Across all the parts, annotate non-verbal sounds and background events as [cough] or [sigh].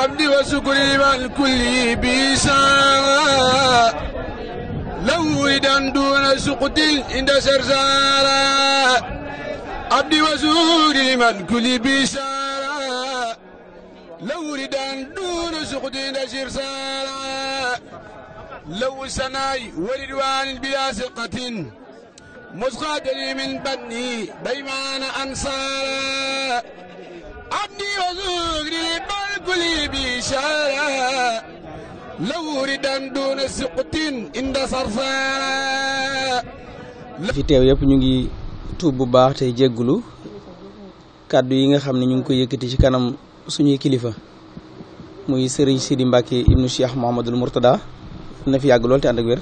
الحمد وشكري من كل بيسارة لو إذن دون سقط عند سرسارة عبد وشكري من كل بيسارة لو إذن دون سقط عند سرسارة لو سناي وردوان بلا سقط مسقط لي من بني بيمان أنصارا عبدي وزغري لي بإشارة لو ردا دون سقط عند صرفا fi teew yëpp ñu ngi tuub bu baax tey jéggulu kàddu yi nga xam ne ñu ngi ko yëkkati ci kanam suñuy kilifa muy sëriñ Sidi Mbacke ibnu Cheikh Mouhamadul Mourtada na fi yàgg lool te ànd ak wér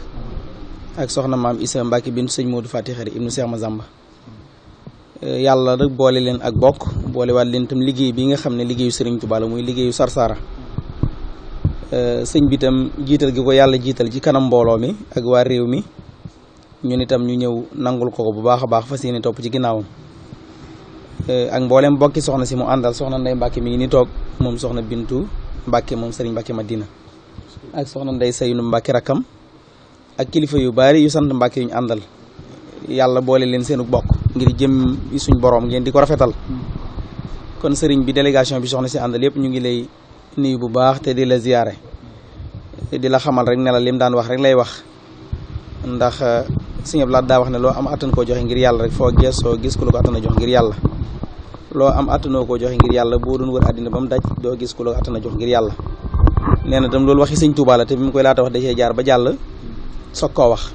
ak soxna maam Issa Mbacke bintu sëñ Modou Fati Xari ibnu Cheikh Mazamba yàlla rek boole leen ak bokk boolewaat leen tam liggéey bi nga xam ne liggéeyu Sëriñ Tuubaa la muy liggéeyu Sarsara euh, sëñ bi tam jiital gi ko yàlla jiital ci kanam mbooloo mi ak waa réew mi ñun itam ñu ñëw nangul ko bu baax a baax fa yéene topp ci ginnaawam euh, ak mboolem bokki soxna si mu àndal soxna Ndey Mbàkke mi ngi ni toog moom soxna Bintu Mbàkke moom Sëriñ Mbàkke dina ak soxna Ndey Saynu Mbàkke rakkam ak kilifa yu bari yu sant Mbàkke yu ñu àndal yàlla boole leen seenu bokk ngir jëm suñ boroom ngeen di ko rafetal kon sëriñ bi délégation bi soxna si àndal yëpp ñu ngi lay nii bu baax te di la ziyaare di la xamal rek ne la lim daan wax rek lay wax ndax euh, sëñ Abdu Lahat daa wax ne loo am attan koo joxe ngir yàlla rek foo geesoo gis ku la ko ngir yàlla loo am attanoo koo joxe ngir yàlla boo doon wër àddina ba mu daj doo gis ku la ko attana jox ngir yàlla nee na tam loolu waxi sëñ Tuubaa la te bi mu koy laata wax da cee jaar ba jàll soog koo wax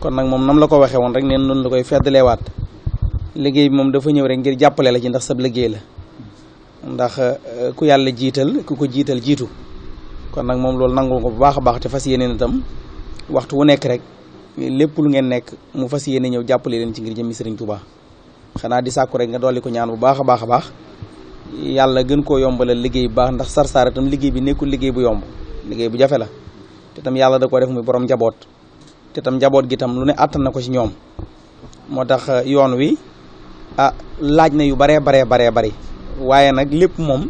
kon nag moom nam la ko waxee woon rek neen noonu la koy feddaleewaat liggéey bi moom dafa ñëw rek ngir jàppale la ci ndax sab liggéey la ndax eh, ku yàlla jiital ku ko jiital jiitu kon nag moom loolu nangu ko bu baax a baax te fas yéene itam waxtu wu nekk rek lépp lu ngeen nekk mu fas yéene ñëw jàppale leen ci ngir jëmmi Sëriñ Tuubaa xanaa di sàkku rek nga dolli ko ñaan bu baax a baax a baax yàlla gën koo yombalal liggéey bu baax ndax Sarsara itam liggéey bi nekkul liggéey bu yomb liggéey bu jafe la te tam yàlla da ko def muy borom njaboot te tam njaboot gi tam lu ne àttan ko ci ñoom moo tax eh, yoon wi ah, laaj na yu baree baree baree bari waaye nag lépp moom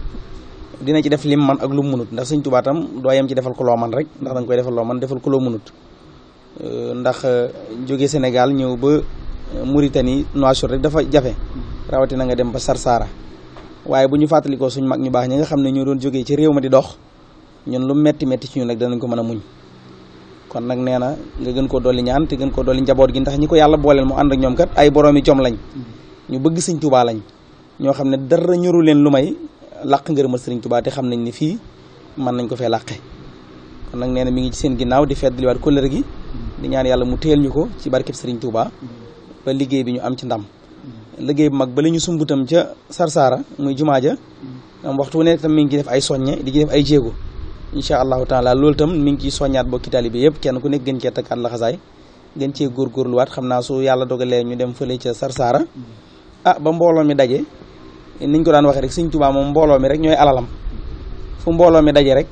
dina ci def lim man ak lu mu mënut ndax sëñ Tuubaa tam doo yem ci defal ko loo man rek ndax danga koy defal loo man defal ko loo mënut euh, ndax euh, jóge Sénégal ñëw ba euh, Mauritanie Nouakchott rek dafa jafe rawati na nga dem ba Sarsara waaye bu ñu fàttalikoo suñ mag ñu baax ñi nga xam ne ñoo doon jógee ci réew ma di dox ñun lu metti metti ci ñun rek danañ ko mën a muñ kon nag nee na nga gën koo dolli ñaan te gën koo dolli njaboot gi ndax ñi ko yàlla booleel mu ànd ñoom kat ay boroomi jom lañ mm-hmm. ñu bëgg sëñ Tuubaa ñoo xam ne dara ñoru leen lu may làq ngërëmal sëriñ Tuubaa te xam nañ ni fii mën nañ ko fee làqe kon nag nee mi ngi ci seen ginnaaw di feddaliwaat kóllëre gi di ñaan yàlla mu téyel ñu ko ci barkeb sëriñ Tuubaa ba liggéey bi ñu am ci ndam liggéey bu mag ba la ñu sumbutam ca Sarsara muy jumaa ja am waxtu ne nekk tam mi ngi ci def ay soññe di def ay jéego incha allahu taala loolu tam mi ngi ciy soññaat bokki taalibe yëpp kenn ku nekk gën cee takkaat laxasaay gën cee góorgóorluwaat xam naa su yàlla dogalee ñu dem fële ca Sarsara ah ba mbooloo mi daje niñ ko daan waxee rek sëñ Tuubaa rek ñooy alalam fu mbooloo mi daje rek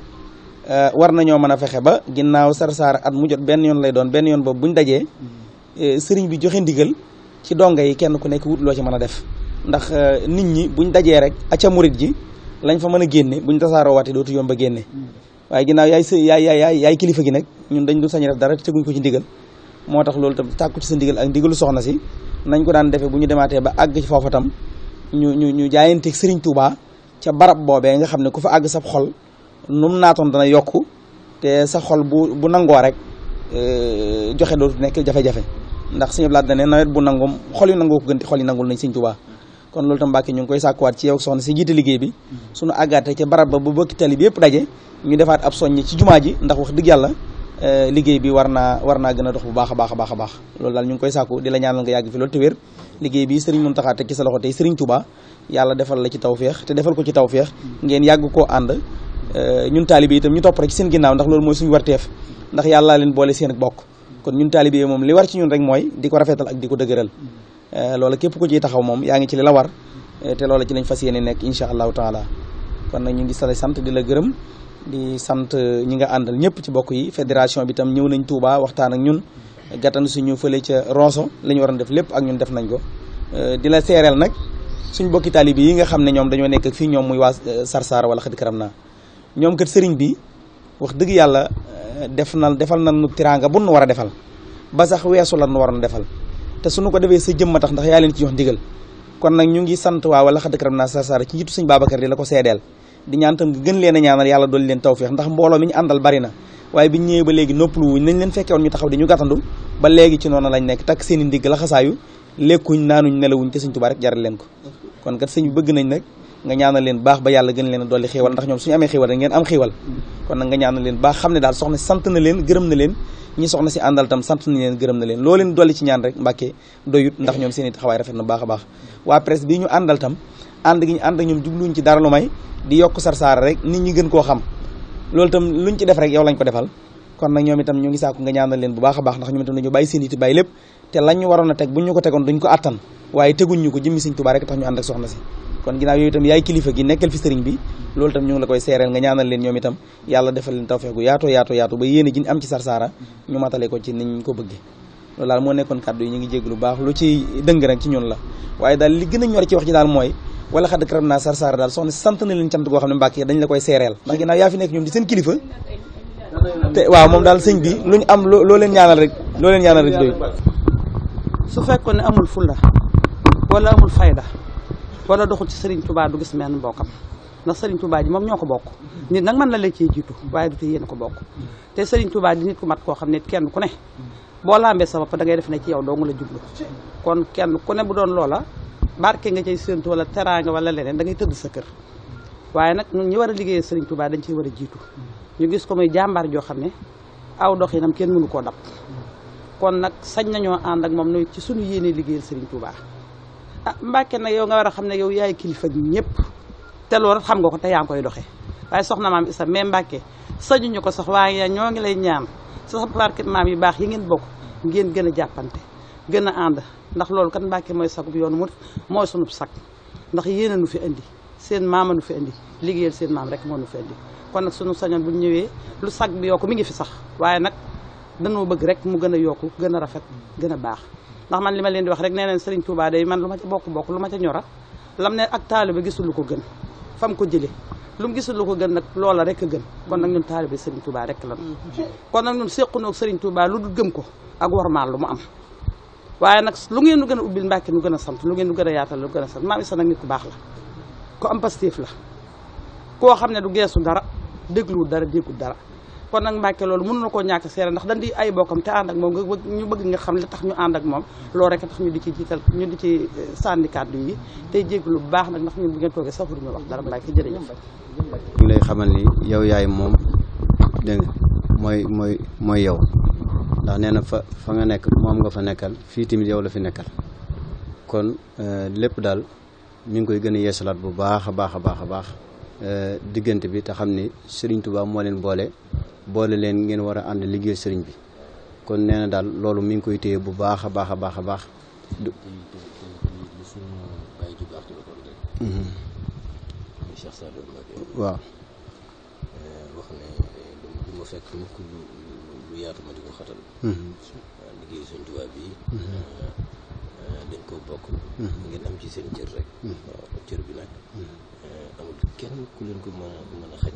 euh, war nañoo mën a fexe ba ginnaaw Sarsara at mu jot benn yoon lay doon benn yoon boobu buñ dajee euh, sëriñ bi joxe ci donga yi kenn ku nekk wut loo ci mën a def ndax euh, nit ñi buñ dajee rek acca murit ji lañ fa mën a génne buñ tasaaroo waatee dootu yomb ba génne waaye ginnaaw yaay sa yaay yaay yaay kilifa gi nag ñun dañ du sañ rek dara teguñ ko ci ndigal moo tax loolu tam tàkku ci sa ndigal ak ndigalu soxna si nañ ko daan defee bu ñu demaatee ba àgg ci tam ñu ñu ñu jaayanteeg Serigne Touba ca barab boobee nga xam ne ku fa àgg sa xol num naatoon dana yokk te sa xol bu bu nangoo rek euh, joxe dootu nekk jafe-jafe ndax suñu laaj da ne nawet bu nangum xol yu nangoo ko gën xol yi nangul nañ koy sàkkuwaat ci yow soxna si jiite liggéey bi suñu àggaatee ca barab ba bu bëkki tali bi yëpp daje ñu defaat ab soññi ci jumaa ji ndax wax dëgg yàlla euh, liggéey bi war naa war naa gën a dox bu baax a baax a baax a baax loolu daal ñu ngi koy sàkku di la ñaanal nga yàgg fi loolu te wér liggéey bi sëriñ Mountakha teg ci sa loxo tey sëriñ Touba yàlla defal la ci tawféex te defal ko ci tawféex ngeen yàgg ko ànd euh, ñun taalibe itam ñu topp rek seen ginnaaw ndax loolu mooy suñu warteef ndax yàlla leen boole seen bokk kon ñun taalibe moom li war ci ñun rek mooy di ko rafetal ak di ko dëgëral euh, loola képp ku ciy taxaw moom yaa ngi ci li la war euh, te loola ci lañ fas yéene nekk incha allahu taala kon nag ñu ngi sala sant di la gërëm di sant ñi nga àndal ñëpp ci bokk yi fédération bi tam ñëw nañ Touba waxtaan ak ñun gàttan suñu fële ca Rosso li ñu waroon def lépp ak ñun def nañ ko euh, di la seereel nag suñ bokki taalibe yi nga xam ne ñoom dañoo nekk fii ñoom muy waa euh, Sarsara wala Xadi Karam naa ñoom kat sëriñ bi wax dëgg yàlla euh, def na defal na nu tiraanga bu nu war a defal ba sax weesu la nu waroon defal te suñu ko defee sa jëmma tax ndax yaa leen ci jox ndigal kon nag ñu ngi sant waa wala Xadi Karam naa Sarsara ci njiitu suñ Babacar di la ko seedeel di ñaan tam gën leen a yàlla dool leen tawféex ndax mbooloo mi ñu àndal bari na waaye bi ñu ba léegi noppalu wuñ nañ leen fekkee woon ñu taxaw di ñu gàttandu ba léegi ci noonu lañ nekk takk seen i ndigg laxasaayu lekkuñ naanuñ nelawuñ te sëñ Tuubaa rek jaral leen ko kon kat sëñ bëgg nañ nag nga ñaanal leen baax ba yàlla gën leen a dolli xéewal ndax ñoom suñu amee xéewal rek ngeen am xéewal kon nag nga ñaanal leen baax xam ne daal soxna si sant na leen gërëm na leen ñi soxna si àndal tam sant na leen gërëm na leen loo leen dolli ci ñaan rek mbàkkee doyut ndax ñoom seen i taxawaay rafet na baax a baax waa presse bi ñu àndal tam ànd gi ñu ànd ak ñoom ñu ci dara lu may di yokk sarsaara rek nit ñi gën koo xam loolu itam luñ ci def rek yow lañ ko defal kon nag ñoom itam ñu ngi sàkku nga ñaanal leen bu baax a baax ndax ñoom itam dañu bàyyi seen yitte bàyyi lépp te lañ ñu waroon a teg buñ ñu ko tegoon duñ ko attan waaye teguñ ñu ko jëmmi sëñ Tuubaa rek tax ñu ànd ak soxna si kon ginnaaw yooyu ngi la koy seereel nga ñaanal leen ñoom itam yàlla defal leen tawfeex gu yaatoo yaatoo ba yéene jiñ am ci sarsaara ñu matale ko ci niñ ko bëgge loolu daal moo nekkoon kàddu yi ñu ngi jégg lu baax lu ci dëng rek ci ñun la waaye daal li gën ñor ci wax ci mooy wala xadd karam naa sar sar daal soxna sant na leen cant goo xam ne Mbàkke dañ la koy seereel ndax ginnaaw yaa fi nekk ñoom di seen kilifa te waaw moom daal sëñ bi lu ñu am loo leen ñaanal rek loo leen ñaanal rek doy su fekkoon ne amul fulla wala amul fayda wala doxul ci Serigne Touba du gis menn mbokkam ndax Serigne Touba ji moom ñoo ko bokk nit nag mën na la cee jiitu waaye du te yéen ko bokk te Serigne Touba di nit ku mat koo xam ne kenn ku ne boo lambee sa bopp def ne ci yow doo nga la jublu kon kenn ku ne bu doon loola barke nga cay séentu wala teraanga wala leneen dangay ngay tëdd sa kër waaye nag ñun ñi war a liggéeyee Serigne Touba dañ ciy war a jiitu ñu gis ko muy jàmbaar joo xam ne aw doxinam kenn mënu koo dab kon nag sañ nañoo ànd ak moom nooy ci suñu yéene liggéeyal Serigne Touba ah Mbàkke nag yow nga war a xam ne yow yaay kilifa gi ñëpp te loolu xam nga ko te yaa ngi koy doxe waaye soxna maam Issa mais Mbàkke sañuñu ko sax waaye ñoo ngi lay ñaan sa barke maam yu baax yi ngeen bokk ngeen gën a jàppante gën a ànd ndax loolu kan Mbàkke mooy sagub yoonu mu mooy sunub sag ndax yéene nu fi indi seen maama nu fi indi liggéeyal seen maam rek moo nu fi indi kon nag sunu sañoon bu ñëwee lu sag bi yokku mi ngi fi sax waaye nag danoo bëgg rek mu gën a yokk gën a rafet gën a baax ndax man li ma leen di wax rek nee neen Serigne Touba day man lu ma ca bokk-bokk lu ma ca ñora lam ne ak taaliba gisul lu ko gën fam ko jëlee lu mu gisul ko gën nag loola rek a gën kon nag ñun taaliba Serigne Touba rek lan mm-hmm. kon nag ñun séqunoo Serigne Touba lu gëm ko ak warmaal lu mu am waaye nag lu ngeen nu gën a ubbil Mbàkke nu gën a sant lu ngeen nu gën a yaatal lu gën a sant maam Issa nag nit ku baax la ku am pastéef la koo xam ne du geesu dara dégluwul dara déggul dara kon nag Mbàkke loolu mënu na koo ñàkk seere ndax dañ di ay bokkam te ànd ak moom nga ñu bëgg nga xam ne tax ñu ànd ak moom loolu rek tax ñu di ci jiital ñu di ci eh, sànni kàddu yi tey jéglu bu baax nag ndax ñun bu ngeen toogee sax ñu wax dara Mbàkke jërëjëf ñu lay xamal ni yow yaay moom dégg mooy mooy yow ndax nee na fa fa nga nekk moom nga fa nekkal fii tamit yow la fi nekkal kon euh, lépp daal mi ngi koy gën a yeesalaat bu baax a baax a baax a baax euh, diggante bi te xam ni sëriñ Touba moo leen boole boole leen ngeen war a ànd liggéey sëriñ bi kon nee na daal loolu mi ngi koy téye bu baax a baax a baax a baax. Mm-hmm. waaw. Euh, bu yaatu ma di ko xatal mhm. waaw liggéey suñ tubaab bi mhm. ah, ah, dañ koo bokk mhm. ngeen am ci seen cër rek waaw cër bi nag ah, amul kenn ku leen ko mën a mën a xañ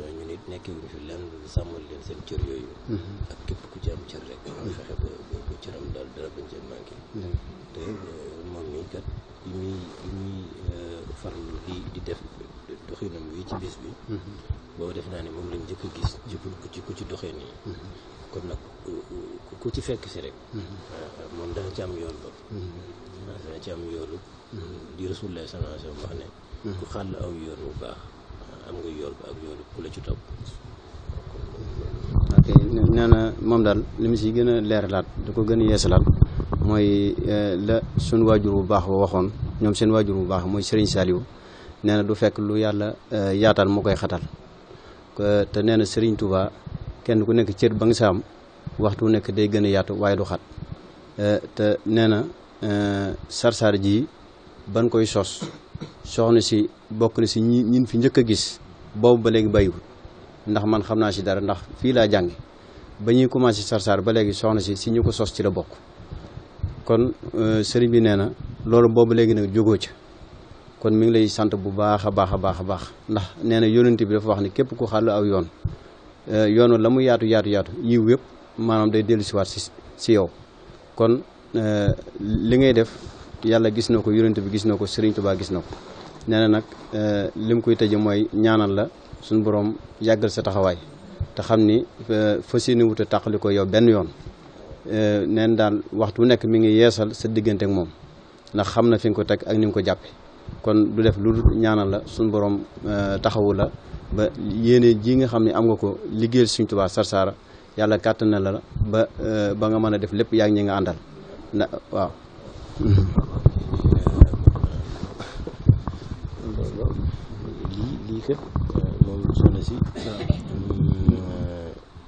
waaw ñu nit nekkee wuñ fi lenn sàmmal leen seen cër yooyu ak képp ku ci am cër rek fexe ba ba cëram daal dara bañ seen manqué te moom euh, mii kat li muy li muy euh, di di def doxinam wi ci ah. bi mm-hmm. boobu def naa ne moom lañ njëkk ku ci ku ci ku ci mm-hmm. fekk si rek mm-hmm. moom dana ci am yoon ba ah, dana ci aw yoon bu baax am nga yoon ba ak yoonu ku la ci topp ok moom daal li mu si gën a leeralaat da ko gën a yeesalaat mooy eh, la suñ waajur bu baax ba waxoon ñoom seen waajur bu baax mooy Serigne Saliou nee na du fekk lu yàlla eh, yaatal moo koy xatal te nee na Serigne Touba kenn ku nekk cër ba nga sa am waxtu nekk day gën a yaatu waaye du xat eh, te nee na eh, sarsar ji ban koy sos soxna si bokk na si ñi fi njëkk a gis boobu ba léegi bayiwul ndax man xam naa si dara ndax fii laa jànge ba ñuy commencé sarsar ba léegi soxna si si ñu ko sos ci la bokk kon sëriñ bi nee na loolu boobu léegi nag jógoo ca kon mi ngi lay sant bu baax a baax a baax a baax ndax nee na yonent bi dafa wax ne képp ku xàll aw yoon eh, yoonu la mu yaatu yaatu yaatu yiw yëpp maanaam day dellu siwaat si si yow kon eh, li ngay def yàlla gis na ko yonent bi gis na ko Sëriñ baa gis na ko nee na nag eh, lim koy tëje mooy ñaanal la suñu borom yàggal sa taxawaay te xam ni fa si ni wuta ko yow benn yoon neen daal waxtu nekk mi ngi yeesal sa diggante ak moom ndax xam na fi nga ko teg ak ni nga ko jàppe kon du def lu ñaanal la suñ borom euh, taxawu la ba yéene ji nga xam ne am nga ko liggéeyal Sëriñ Tuubaa Sarsara yàlla kàttan na la ba euh, ba nga mën a def lépp yaa ñi nga àndal na waaw [laughs] euh,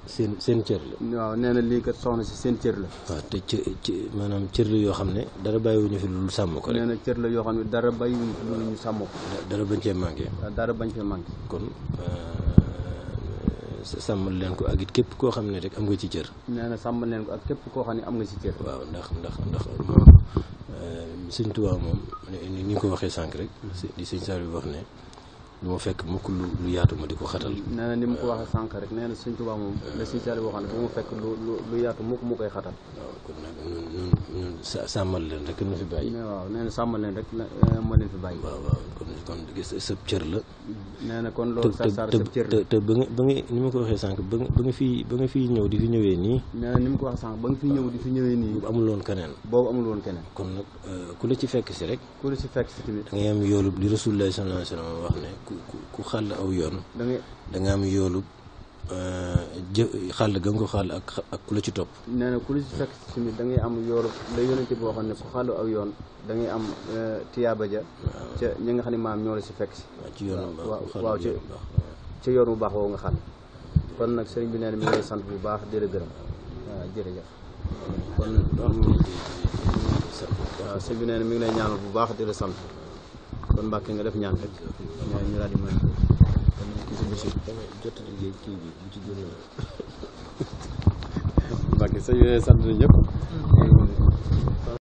seen seen cër la. waaw nee na lii kat soxna si seen cër la. waaw te ci ci maanaam cër la yoo xam ne dara bàyyiwuñu fi lu sàmm ko rek. nee na cër la yoo xam ne dara bàyyiwuñu fi lu ñu sàmm ko. dara bañ cee manqué. bañ cee manqué. kon euh, sàmmal leen ko ak it képp koo xam ne rek am nga ci cër. nee na sàmmal leen ko ak képp koo xam ne am nga ci cër. waaw ndax ndax ndax moom euh, sëñ Tuubaa moom ñu ko waxee sànq rek. Mm. di sëñ Saliou wax ne. lu ma fekk mukk lu yaatu ma di ko xatal. nee ni mu ko sànq rek nee na Sëñ Tuubaa moom la Sëñ Saaliw waxoon mu fekk lu lu yaatu mukk mu koy xatal. waaw kon nag ñun ñun sàmmal leen rek nu fi bàyyi. waaw nee na sàmmal leen rek eh, moo leen fi bàyyi. waaw waaw kon gis sëb cër la. nee na kon loolu sax sax sëb te ba nga ba ko waxee sànq ba nga ba nga fii ba nga ñëw di fi ñëwee nii. nee ni mu ko waxee sànq ba nga fii ñëw di fi ñëwee nii. amul woon keneen. boobu amul woon keneen. kon nag euh, ku la ci fekk si rek. ku la ci fekk si tamit. da ngay am yoolu li Rasulullah sallallahu alayhi wa wax ne ku ku aw yoon da nga am yoolu euh, jë xàll ga ko xàll ak ak ku la ci topp nee na ku la ci fekk tamit da ngay am yoolu la yonente boo xam ne ku xàll aw yoon dangay am euh, tiyaaba ja ca ñi nga xam ne maam ñoo la ci fekk si ci yoon waaw ci ca yoon bu baax woowu nga xàll kon nag sëriñ bi nee na mi ngay sant bu baax di la gërëm waaw jërëjëf kon sëriñ bi nee mi ngi lay ñaanal bu baax di sant kon Mbàkke nga def ñaan rek ñaan ñu daal di mën kon ci suñu si jot liggéey kii bi bu ci gën a [laughs] Mbàkke sa sant ñëpp